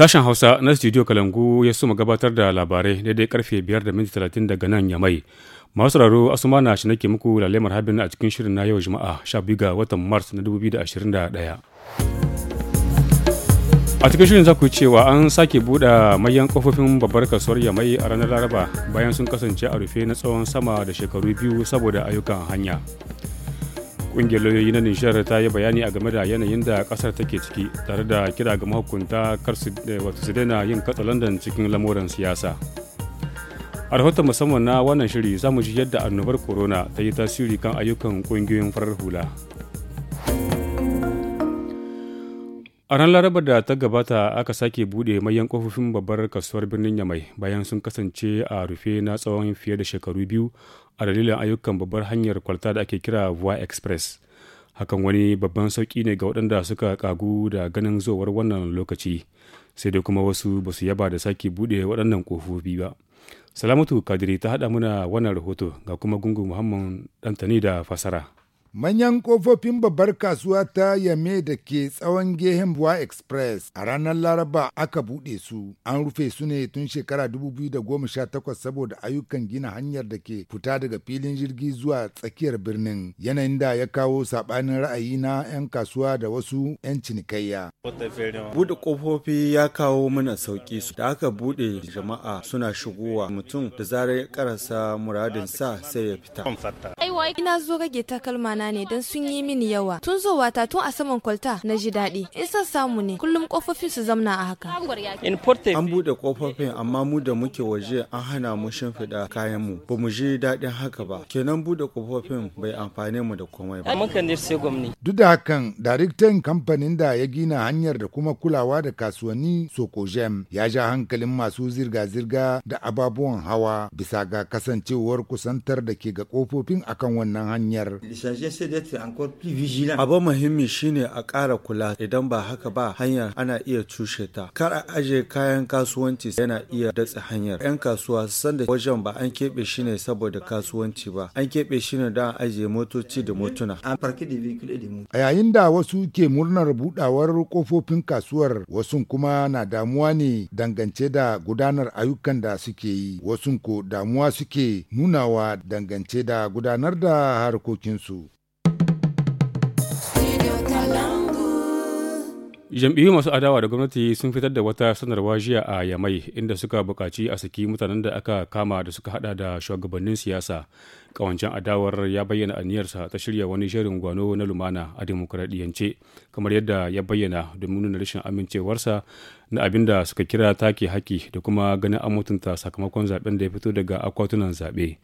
Sashen Hausa na Studio Kalangu ya suma gabatar da labarai daidai karfe 5 da minti 30 daga nan ya mai. Masu sauraro asuma na shi nake muku lalemar habin a cikin shirin na yau Juma'a 12 ga watan Mars na 2021. a cikin shirin za ku cewa an sake buɗe mayan kofofin babbar kasuwar ya mai a ranar laraba bayan sun kasance a rufe na tsawon sama da shekaru biyu saboda ayyukan hanya Ƙungiyar lauyoyi na Nishar ta yi bayani a game da yanayin da ƙasar take ciki tare da kira ga mahukunta kar su eh, daina yin katsalandan cikin lamuran siyasa. a rahoton musamman na wannan shiri za mu ji yadda annobar corona ta yi tasiri kan ayyukan ƙungiyoyin farar hula A ran Larabar da ta gabata aka sake buɗe mayan kofofin babbar kasuwar birnin Yamai bayan sun kasance a rufe na tsawon fiye da shekaru biyu a dalilin ayyukan babbar hanyar kwalta da ake kira Voie Express. Hakan wani babban sauki ne ga waɗanda suka kagu da ganin zowar wannan lokaci, sai dai kuma wasu ba su yaba da sake buɗe waɗannan kofofi ba. Salamatu Kadiri ta haɗa muna wannan rahoto ga kuma gungun Muhammad Dantani da fasara. Manyan ƙofofin babbar kasuwa ta Yame da ke tsawon gehen Buwa Express a ranar Laraba aka buɗe su, an rufe su ne tun shekara 2018 saboda ayyukan gina hanyar da ke fita daga filin jirgi zuwa tsakiyar birnin, yanayin da ya kawo saɓanin ra'ayi na 'yan kasuwa da wasu 'yan cinikayya. Buɗe ƙofofi ya kawo mana sauƙi su da aka buɗe jama'a suna shigowa mutum da zarar ya karasa muradinsa sai ya fita. Ina zo rage takalma na ne don sun yi mini yawa. Tun zuwa ta tun a saman kwalta na ji daɗi. In san samu ne kullum kofofin su zamna a haka. An buɗe kofofin amma mu da muke waje an hana mu shimfiɗa kayan mu. Ba mu ji daɗin haka ba. Kenan buɗe kofofin bai amfane mu da komai ba. Duk da hakan daraktan kamfanin da ya gina hanyar da kuma kulawa da kasuwanni Sokojem ya ja hankalin masu zirga-zirga da ababuwan hawa bisa ga kasancewar kusantar da ke ga kofofin akan wannan hanyar. ne sai d'être vigilant. Abu muhimmi shine a ƙara kula idan ba haka ba hanyar ana iya cushe ta. Kar a aje kayan kasuwanci yana iya datse hanyar. 'Yan kasuwa san da wajen ba an keɓe shi ne saboda kasuwanci ba. An keɓe shi ne don aje motoci da motuna. A yayin da wasu ke murnar buɗawar kofofin kasuwar wasu kuma na damuwa ne dangance da gudanar ayyukan da suke yi. Wasu ko damuwa suke nunawa dangance da gudanar da harkokinsu. jam'iyyu masu adawa da gwamnati sun fitar da wata sanarwa jiya a yamai inda suka buƙaci a saki mutanen da aka kama da suka hada da shugabannin siyasa kawancen adawar ya bayyana aniyarsa ta shirya wani shirin gwano na lumana a demokuraɗiyance kamar yadda ya bayyana domin nuna rashin amincewarsa na abin da suka kira take haki da kuma ganin an mutunta sakamakon zaben da ya fito daga akwatunan zaɓe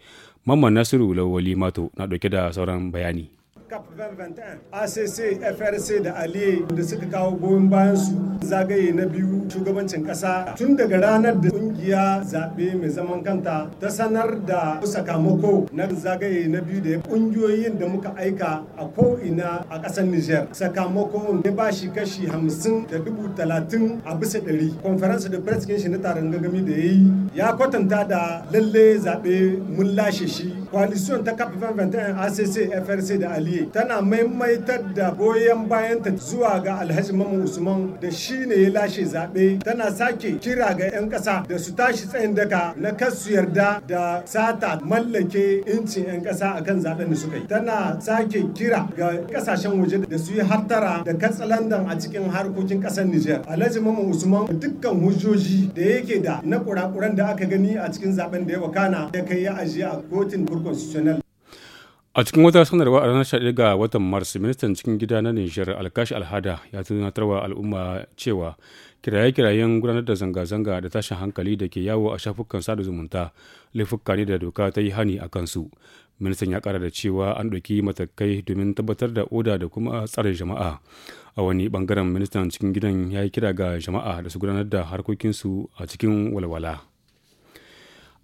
mamman nasiru lawali mato na ɗauke da sauran bayani CAP 2021 ACC FRC de Aliye de suka kawo goyon bayan su zagaye na shugabancin ƙasa tun daga ranar da kungiyar zaɓe mai zaman kanta ta sanar da sakamako na zagaye na biyu da ƙungiyoyin da muka aika a ko'ina a ƙasar Nijar. Sakamako ne ba shi kashi hamsin da dubu talatin a bisa ɗari. Konferansa da press shi na taron gangami da ya yi ya kwatanta da lalle zaɓe mun lashe shi. Coalition ta CAP fanfantan ACC FRC da Aliye tana maimaitar da goyon bayanta zuwa ga Alhaji Mamman Usman da shi ne ya lashe zaɓe zaɓe tana sake kira ga 'yan ƙasa da su tashi tsayin daka na kasu yarda da sata mallake incin 'yan ƙasa akan zaɓen da suka yi tana sake kira ga ƙasashen waje da su yi hattara da katsalandan a cikin harkokin ƙasar Nijar Alhaji Mamman Usman dukkan hujjoji da yake da na kurakuran da aka gani a cikin zaben da ya wakana ya kai ya ajiye a kotun constitutional a cikin wata sanarwa a ranar 11 ga watan mars ministan cikin gida na nijar alkashi alhada ya tunatarwa al'umma cewa kiraye-kirayen gudanar da zanga-zanga da tashin hankali da ke yawo a shafukan sada zumunta laifuka ne da doka ta yi hani a kansu ministan ya kara da cewa an ɗauki matakai domin tabbatar da oda da kuma tsare jama'a a wani bangaren ministan cikin gidan ya yi kira ga jama'a da su gudanar da harkokinsu a cikin walwala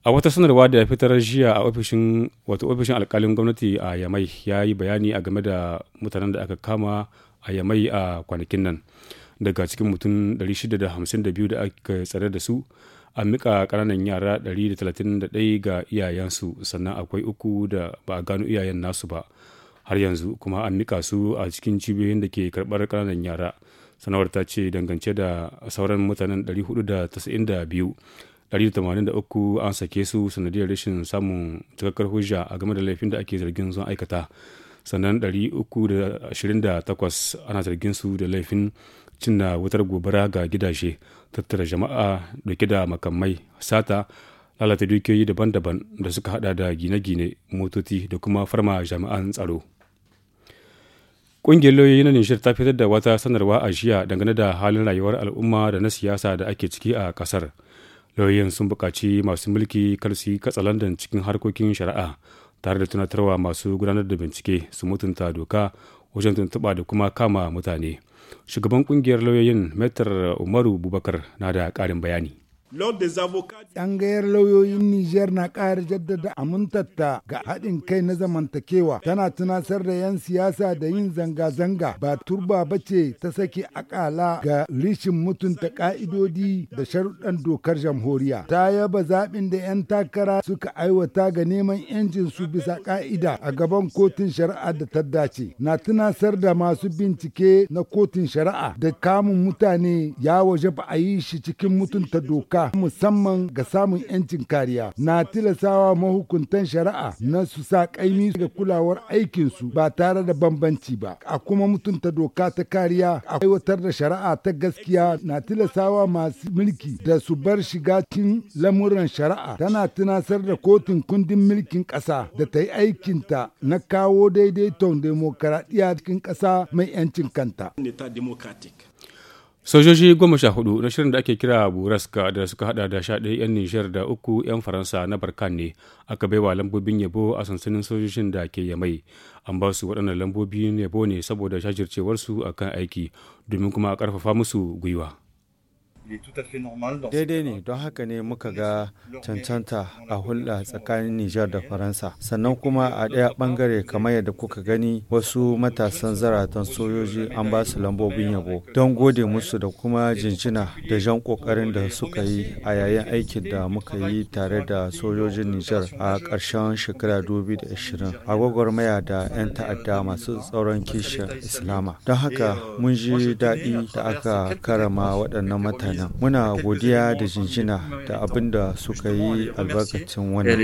a wata sanarwa da ya fitar jiya a ofishin wato ofishin alkalin gwamnati a yamai ya yi bayani a game da mutanen da aka kama a yamai a kwanakin nan daga cikin mutum 652 da aka tsare da su an mika ƙananan yara 131 ga iyayensu sannan akwai uku da ba a gano iyayen nasu ba har yanzu kuma an mika su a cikin cibiyoyin da ke karbar kananan yara sanawar ta ce dangance da sauran mutanen 492 183 an sake su sanadiyar rashin samun cikakkar hujja a game da laifin da ake zargin sun aikata sannan 328 ana zargin su da laifin cinna wutar gobara ga gidaje tattara jama'a dauke da makamai sata lalata dukiyoyi daban-daban da suka hada da gine-gine motoci da kuma farma jami'an tsaro ƙungiyar lauyoyi na nishir ta fitar da wata sanarwa a jiya dangane da halin rayuwar al'umma da na siyasa da ake ciki a ƙasar lauyoyin sun buƙaci masu mulki kar su yi katsalandan cikin harkokin shari'a tare da tunatarwa masu gudanar da bincike su mutunta doka wajen tuntuɓa da kuma kama mutane shugaban kungiyar lauyoyin metar umaru bubakar na da ƙarin bayani Ɗangayar lauyoyin Nijar na ƙara jaddada amintatta ga haɗin kai na zamantakewa tana tunasar da 'yan siyasa da yin zanga-zanga ba turba ba ce ta sake akala ga rishin mutunta ƙa'idodi da sharuɗan dokar jamhuriya. Ta yaba zaɓin da 'yan takara suka aiwata ga neman 'yancin su bisa ƙa'ida a gaban kotun shari'a da ta dace. Na tunasar da masu bincike na kotun shari'a da kamun mutane ya waje ba a yi shi cikin mutunta doka ƙasa musamman ga samun 'yancin kariya na tilasawa mahukuntan shari'a na su sa kaimi ga kulawar aikinsu ba tare da bambanci ba a kuma mutunta doka ta kariya a aiwatar da shari'a ta gaskiya na tilasawa masu mulki da su bar shiga cikin lamuran shari'a tana tunasar da kotun kundin mulkin ƙasa da ta yi aikinta na kawo daidaiton demokaradiyya cikin ƙasa mai 'yancin kanta. sojoji goma sha hudu na shirin da ake kira buraska da suka hada da sha ɗaya 'yan nijar da uku 'yan faransa na barkan ne aka baiwa lambobin yabo a sansanin sojojin da ke yamai an ba su waɗannan lambobin yabo ne saboda shajircewarsu kan aiki domin kuma a ƙarfafa musu gwiwa daidai ne don haka ne muka ga cancanta a hulɗa tsakanin nijar da faransa sannan kuma a ɗaya ɓangare kamar yadda kuka gani wasu matasan zaratan sojoji an ba su lambobin yabo don gode musu da kuma jinjina da jan ƙoƙarin da suka yi a yayin aikin da muka yi tare da sojojin nijar a ƙarshen shekara 2020 a gwagwarmaya da 'yan ta'adda masu tsauran kishin islama don haka euh, mun ji daɗi da aka karama waɗannan matasan kenan muna godiya da jinjina da abin da suka yi albarkacin wani.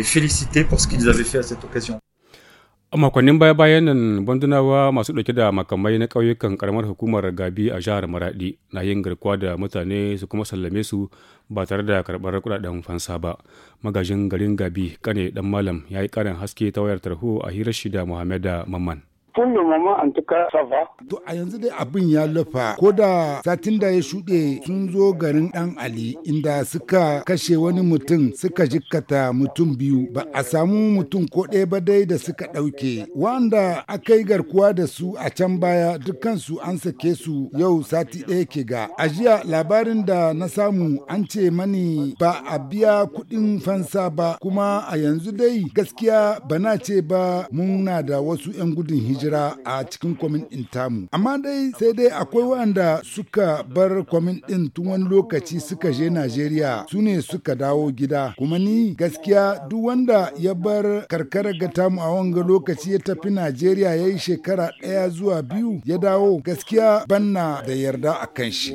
a makonnin baya-bayan nan bandunawa masu dauke da makamai na ƙauyukan karamar hukumar gabi a jihar maradi na yin garkuwa da mutane su kuma sallame su ba tare da karɓar kudaden fansa ba magajin garin gabi kane dan malam ya yi ƙarin haske ta wayar tarho a hirar shi da mamman tun mama an tuka safa. To a yanzu dai abin ya lafa ko da satin da ya shuɗe sun zo garin ɗan Ali inda suka kashe wani mutum suka jikkata mutum biyu ba a samu mutum ko ɗaya ba dai da suka ɗauke. Wanda aka yi garkuwa da su a can baya dukkansu an sake su yau sati ɗaya ke ga. A jiya labarin da na samu an ce mani ba a biya kuɗin fansa ba kuma a yanzu dai gaskiya bana ce ba muna da wasu 'yan gudun hijira. jira a cikin kwamin ɗin tamu. Amma dai sai dai akwai waɗanda suka bar kwamin ɗin tun wani lokaci suka je Najeriya su ne suka dawo gida. Kuma ni gaskiya duk wanda ya bar karkara ga tamu a wanga lokaci ya tafi Najeriya ya yi shekara ɗaya zuwa biyu ya dawo gaskiya banna da yarda a kan shi.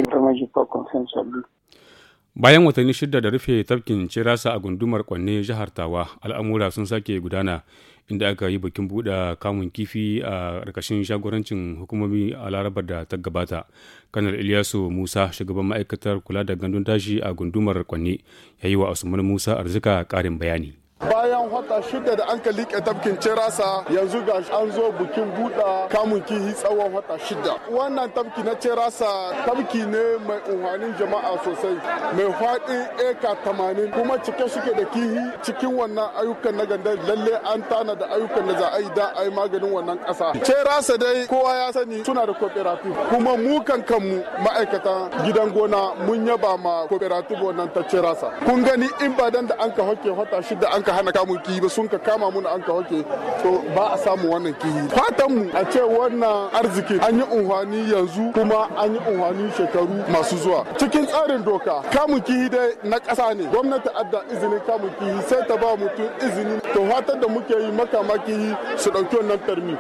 bayan watanni shida da rufe tafkin cirasa a gundumar kwanne jihar tawa al'amura sun sake gudana inda aka yi bikin buɗe kamun kifi a ƙarƙashin shagorancin hukumomi a larabar da ta gabata kanar iliyasu musa shugaban ma'aikatar kula da gandun tashi a gundumar kwanne ya yi wa usman musa arzika ƙarin bayani bayan wata shida da an ka liƙe tafkin cerasa yanzu ga an zo bikin buɗa kamun kihi tsawon wata shida wannan tafki na cerasa tafki ne mai unhanin jama'a sosai mai faɗi eka tamanin kuma cike suke da kihi cikin wannan ayyukan na gandar lalle an tana da ayyukan da za a yi da a yi maganin wannan ƙasa cerasa dai kowa ya sani suna da cooperative kuma mu kan kanmu ma'aikatan gidan gona mun yaba ma cooperative wannan ta cerasa kun gani in ba dan da an ka hoke wata shida an ka ka hana kamun ba sun ka kama na an ka wake to ba a samu wannan kihi fatan mu a ce wannan arziki an yi unhwani yanzu kuma an yi unhwani shekaru masu zuwa cikin tsarin doka kamun kihi dai na ƙasa ne gwamnati adda izinin kamun kihi sai ta ba mutum izini to fatan da muke yi makama su ɗauki wannan tarmi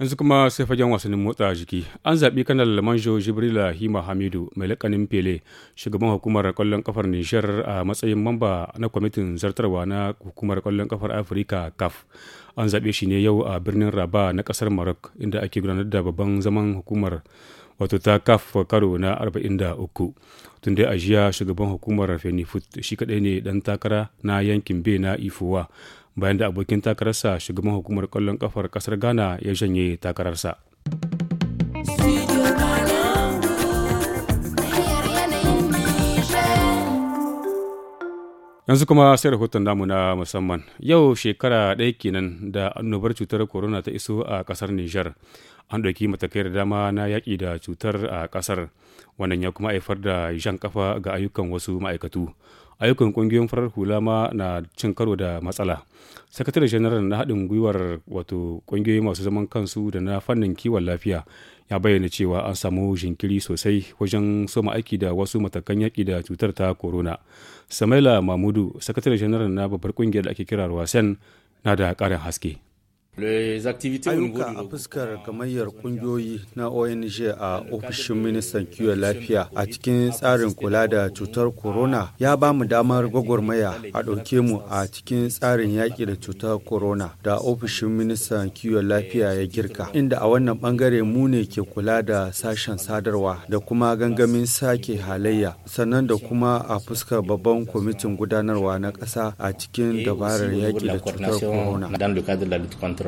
yanzu kuma sai fagen wasannin motsa jiki an zaɓi kanar lamanjo jibrila hima hamidu mai lakanin pele shugaban hukumar kwallon kafar nishar a matsayin mamba na kwamitin zartarwa na hukumar kwallon kafar afirka caf an zaɓe shi ne yau a birnin raba na ƙasar maroc inda ake gudanar da babban zaman hukumar wato ta caf karo na 43 tun dai a jiya shugaban hukumar fenifut shi kaɗai ne ɗan takara na yankin bai na ifowa bayan da abokin takararsa shugaban hukumar kwallon kafar kasar ghana ya janye takararsa yanzu kuma sai rahoton namu na musamman yau shekara ɗaya kenan da annobar cutar corona ta iso a kasar niger an ɗauki matakai da dama na yaƙi da cutar a kasar wannan ya kuma haifar da jan kafa ga ayyukan wasu ma'aikatu ayyukan kungiyoyin farar hula ma na cin karo da matsala sakatare janaral na haɗin gwiwar wato kungiyoyi masu zaman kansu da na fannin kiwon lafiya ya bayyana cewa an samu jinkiri sosai wajen soma aiki da wasu matakan yaƙi da cutar ta corona samaila mamudu sakatare janaral na babbar kungiyar da ake kira wasan na da ƙarin haske ayyuka a fuskar gamayyar kungiyoyi na ong a ofishin ministan kiwon lafiya a cikin tsarin kula da cutar corona ya ba mu damar gwagwarmaya a ɗauke mu a cikin tsarin yaƙi da cutar corona da ofishin ministan kiwon lafiya ya girka inda a wannan bangare mu ne ke kula da sashen sadarwa da kuma gangamin sake halayya sannan da kuma a fuskar babban kwamitin gudanarwa na ƙasa a cikin dabarar yaƙi da cutar corona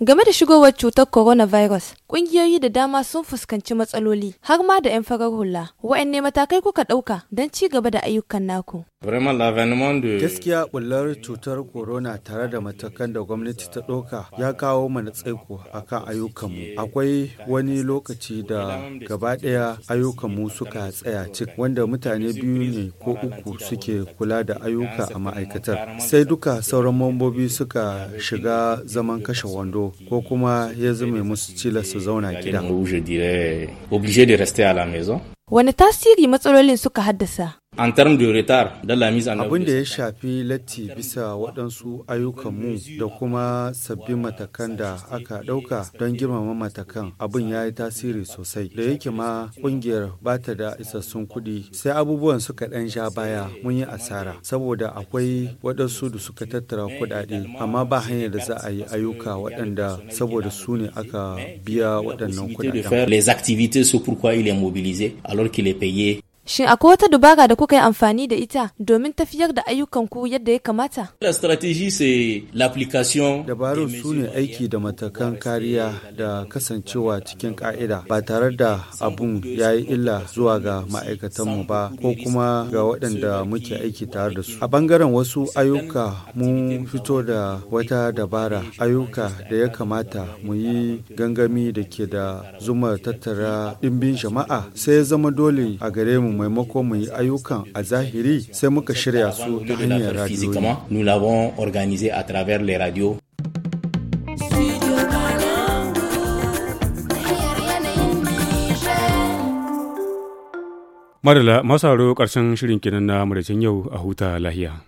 Game da shigowar cutar coronavirus, ƙungiyoyi da dama sun fuskanci matsaloli har ma da 'yan farar hula. Wa'anne matakai kuka ɗauka don ci gaba da ayyukan naku? Gaskiya bullar cutar corona tare da matakan da gwamnati ta ɗauka ya kawo mana tsaiko a kan ayyukanmu. Akwai wani lokaci da gaba ɗaya ayyukanmu suka tsaya cik wanda mutane biyu ne ko uku suke kula da ayyuka a ma'aikatar. Sai duka sauran mambobi suka shiga zaman kashe wando ko kuma ya zume musu cila su zauna gida. Wani tasiri matsalolin suka haddasa? an term abin da ya shafi latti bisa waɗansu ayyukanmu da kuma sabbin matakan da aka ɗauka don girmama matakan abun ya yi tasiri sosai da yake ma ƙungiyar ba ta da isassun kuɗi sai abubuwan suka ɗan sha baya mun yi asara saboda akwai waɗansu da suka tattara kuɗaɗe amma ba hanyar da za a yi ayyuka waɗanda saboda su ne aka biya waɗannan kuɗaɗen. Les activités, sont pourquoi il est mobilisé alors qu'il est payé Shin akwai wata dubara da kuka yi amfani da ita domin tafiyar da ayyukan ku yadda ya kamata? Dabarun su ne aiki da matakan kariya da kasancewa cikin ka'ida ba tare da abun ya yi illa zuwa ga ma'aikatanmu ba ko kuma ga waɗanda muke aiki tare da su. A bangaren wasu ayyuka mun fito da wata dabara ayyuka da ya kamata mu yi gangami da ke da zuma tattara ɗimbin jama'a sai ya zama dole a gare mu maimakon mu yi ayyukan a zahiri sai muka shirya su ta hanyar radiyo. Madala, masu ƙarshen shirin kenan na madacin yau a huta lahiya.